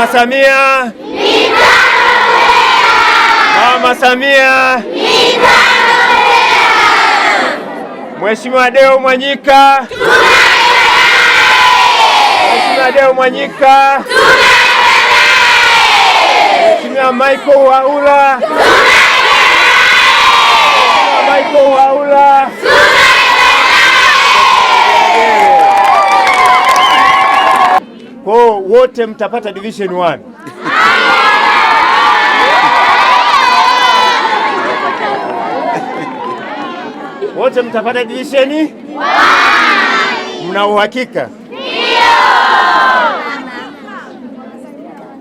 Mama Samia Mama Samia Mheshimiwa Deo Mwanyika Mheshimiwa Deo Mwanyika Mheshimiwa Michael Wahula Michael Wahula Kwao wote mtapata division 1. wote mtapata division 1. Mna uhakika? Ndio.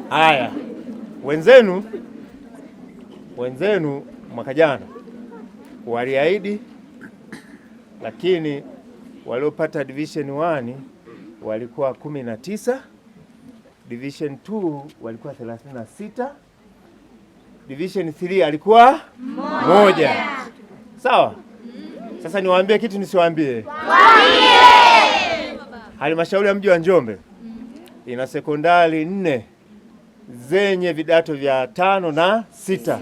Haya, wenzenu wenzenu mwaka jana waliahidi, lakini waliopata division 1 walikuwa 19, division 2 walikuwa 36, division 3 alikuwa moja. Sawa. Sasa niwaambie kitu nisiwaambie. Halmashauri ya mji wa Njombe ina sekondari nne zenye vidato vya tano na sita.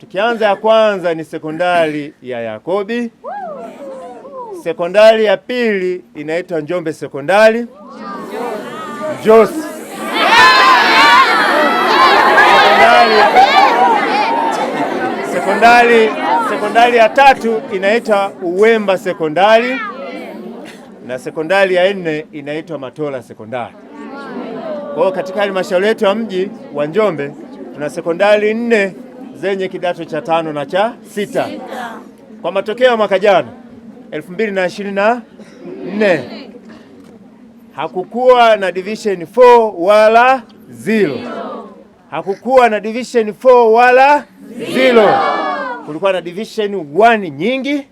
Tukianza ya kwanza ni sekondari ya Yakobi Sekondari ya pili inaitwa Njombe Sekondari Jos. Sekondari sekondari ya tatu inaitwa Uwemba Sekondari na sekondari ya nne inaitwa Matola Sekondari. Kwa hiyo katika halmashauri yetu ya mji wa Njombe tuna sekondari nne zenye kidato cha tano na cha sita. Kwa matokeo ya mwaka jana 2024 hakukuwa na division 4 wala zero. Hakukuwa na division 4 wala zero. Kulikuwa na division 1 nyingi,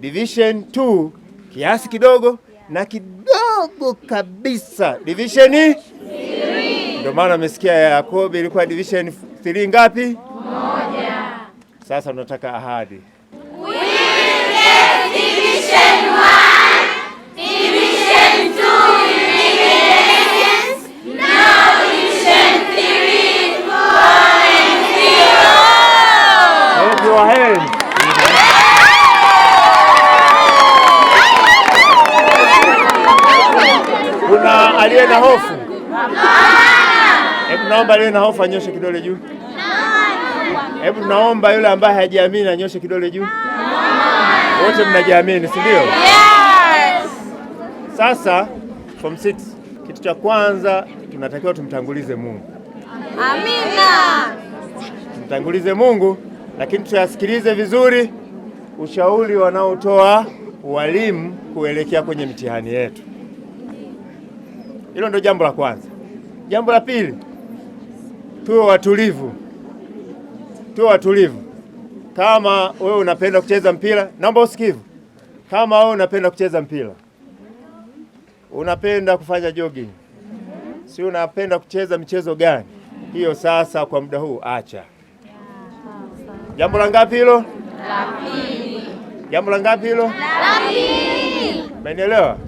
division 2 kiasi kidogo na kidogo kabisa division 3. Ndio maana umesikia ya Yakobo ilikuwa division 3 ngapi? Moja. Sasa tunataka ahadi aliye na hofu? Hebu naomba aliye na hofu anyoshe kidole juu. Hebu naomba yule ambaye hajiamini anyoshe kidole juu. Wote mnajiamini, si ndio? Yes. Sasa form 6 kitu cha kwanza tunatakiwa tumtangulize Mungu. Amina. Tumtangulize Mungu, lakini tuyasikilize vizuri ushauri wanaotoa walimu kuelekea kwenye mitihani yetu. Hilo ndio jambo la kwanza. Jambo la pili, tuwe watulivu, tuwe watulivu. Kama wewe unapenda kucheza mpira, naomba usikivu. Kama wewe unapenda kucheza mpira, unapenda kufanya jogging, si unapenda kucheza michezo gani hiyo? Sasa kwa muda huu acha. Jambo la ngapi hilo? La pili. Jambo la ngapi hilo? La pili. Umenielewa?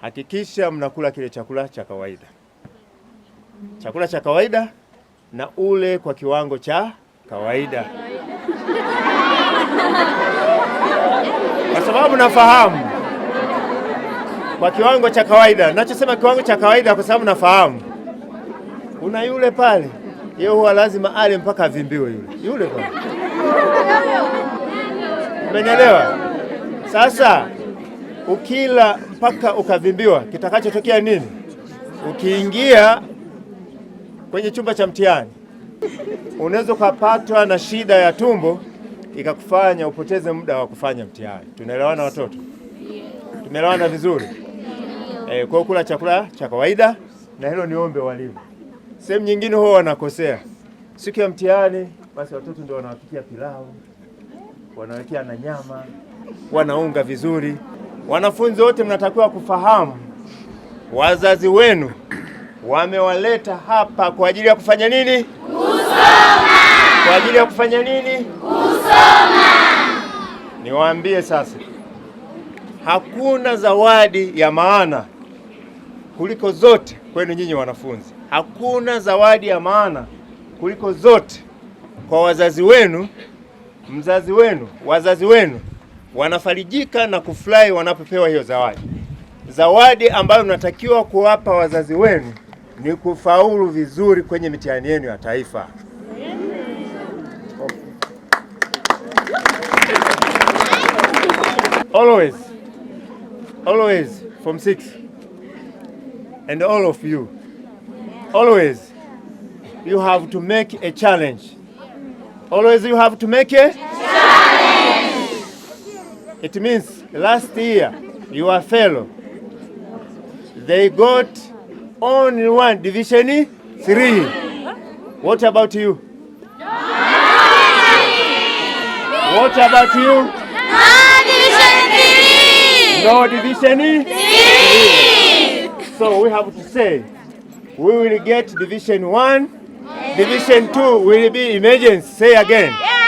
Hakikisha mnakula kile chakula cha kawaida, chakula cha kawaida na ule kwa kiwango cha kawaida kwa sababu nafahamu kwa kiwango cha kawaida. Nachosema kiwango cha kawaida kwa sababu nafahamu kuna yule pale, yeye huwa lazima ale mpaka avimbiwe yule yule pale, umenielewa? Sasa ukila mpaka ukavimbiwa, kitakachotokea nini? Ukiingia kwenye chumba cha mtihani unaweza ukapatwa na shida ya tumbo ikakufanya upoteze muda wa kufanya mtihani. Tunaelewana watoto? Tumeelewana vizuri e, kwa kula chakula cha kawaida, na hilo niombe walimu. Sehemu nyingine huwa wanakosea siku ya mtihani, basi watoto ndio wanawapikia pilau, wanawekea na nyama, wanaunga vizuri. Wanafunzi wote mnatakiwa kufahamu wazazi wenu wamewaleta hapa kwa ajili ya kufanya nini? Kusoma. Kwa ajili ya kufanya nini? kusoma. Niwaambie sasa, hakuna zawadi ya maana kuliko zote kwenu nyinyi wanafunzi, hakuna zawadi ya maana kuliko zote kwa wazazi wenu, mzazi wenu, wazazi wenu wanafarijika na kufurahi wanapopewa hiyo zawadi. Zawadi ambayo mnatakiwa kuwapa wazazi wenu ni kufaulu vizuri kwenye mitihani yenu ya taifa. Always. Always. From six. And all of you. Always. You have to make a challenge. Always you have to make a challenge. It means last year your fellow they got only one division three. What about you? What about you? No division? Please. So we have to say, we will get division 1, yeah. division 2 will be emergency. Say again. Yeah.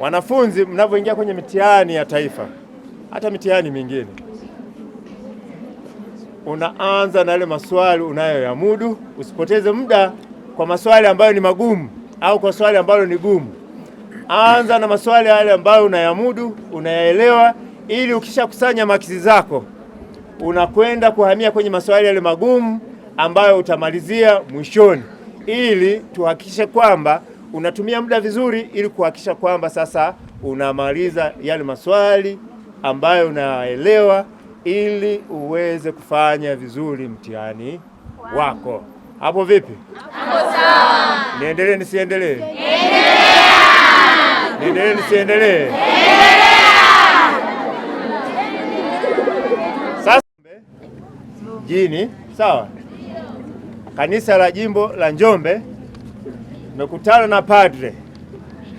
Wanafunzi mnapoingia kwenye mitihani ya taifa, hata mitihani mingine, unaanza na yale maswali unayoyamudu. Usipoteze muda kwa maswali ambayo ni magumu au kwa swali ambalo ni gumu, anza na maswali yale ambayo unayamudu, unayaelewa, ili ukishakusanya makisi zako unakwenda kuhamia kwenye maswali yale magumu ambayo utamalizia mwishoni, ili tuhakikishe kwamba unatumia muda vizuri, ili kuhakikisha kwamba sasa unamaliza yale maswali ambayo unayaelewa, ili uweze kufanya vizuri mtihani wako. Hapo vipi? Hapo sawa. Niendelee nisiendelee? Endelea. Niendelee nisiendelee? Endelea. Sasa jini, sawa. Kanisa la Jimbo la Njombe mekutana na padre.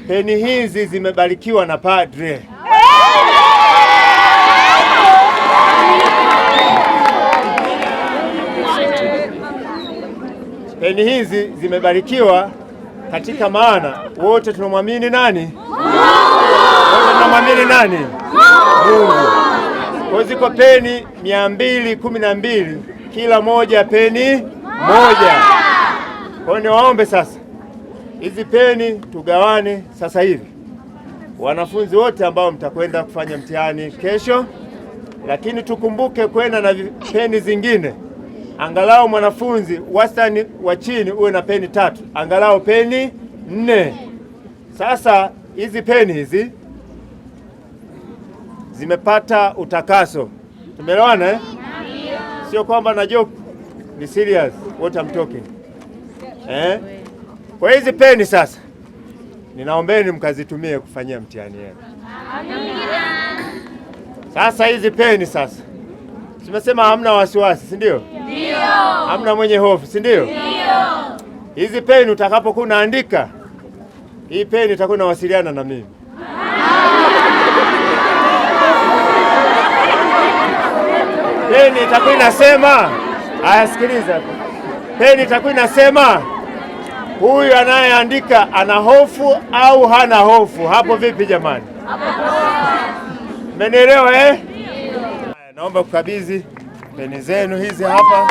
Peni hizi zimebarikiwa na padre. Peni hizi zimebarikiwa katika maana wote tunamwamini nani? Mungu. tunamwamini nani? Mungu. Kwa ziko peni mia mbili kumi na mbili, kila moja peni moja. Kwa hiyo niwaombe sasa, hizi peni tugawane sasa hivi, wanafunzi wote ambao mtakwenda kufanya mtihani kesho, lakini tukumbuke kwenda na peni zingine angalau mwanafunzi wastani wa chini uwe na peni tatu, angalau peni nne. Sasa hizi peni hizi zimepata utakaso, tumeelewana eh? Sio kwamba na joke, ni serious what I'm talking eh? Kwa hizi peni sasa ninaombeni mkazitumie kufanyia mtihani yenu. Sasa hizi peni sasa Tumesema hamna wasiwasi, si ndio? Ndio. Hamna mwenye hofu, si ndio? Ndio. Hizi peni utakapokuwa unaandika, hii peni itakuwa inawasiliana na mimi. Peni itakuwa inasema, aya, sikiliza. Peni itakuwa inasema huyu anayeandika ana hofu au hana hofu. Hapo vipi jamani? menelewa eh? Naomba kukabidhi peni zenu hizi hapa.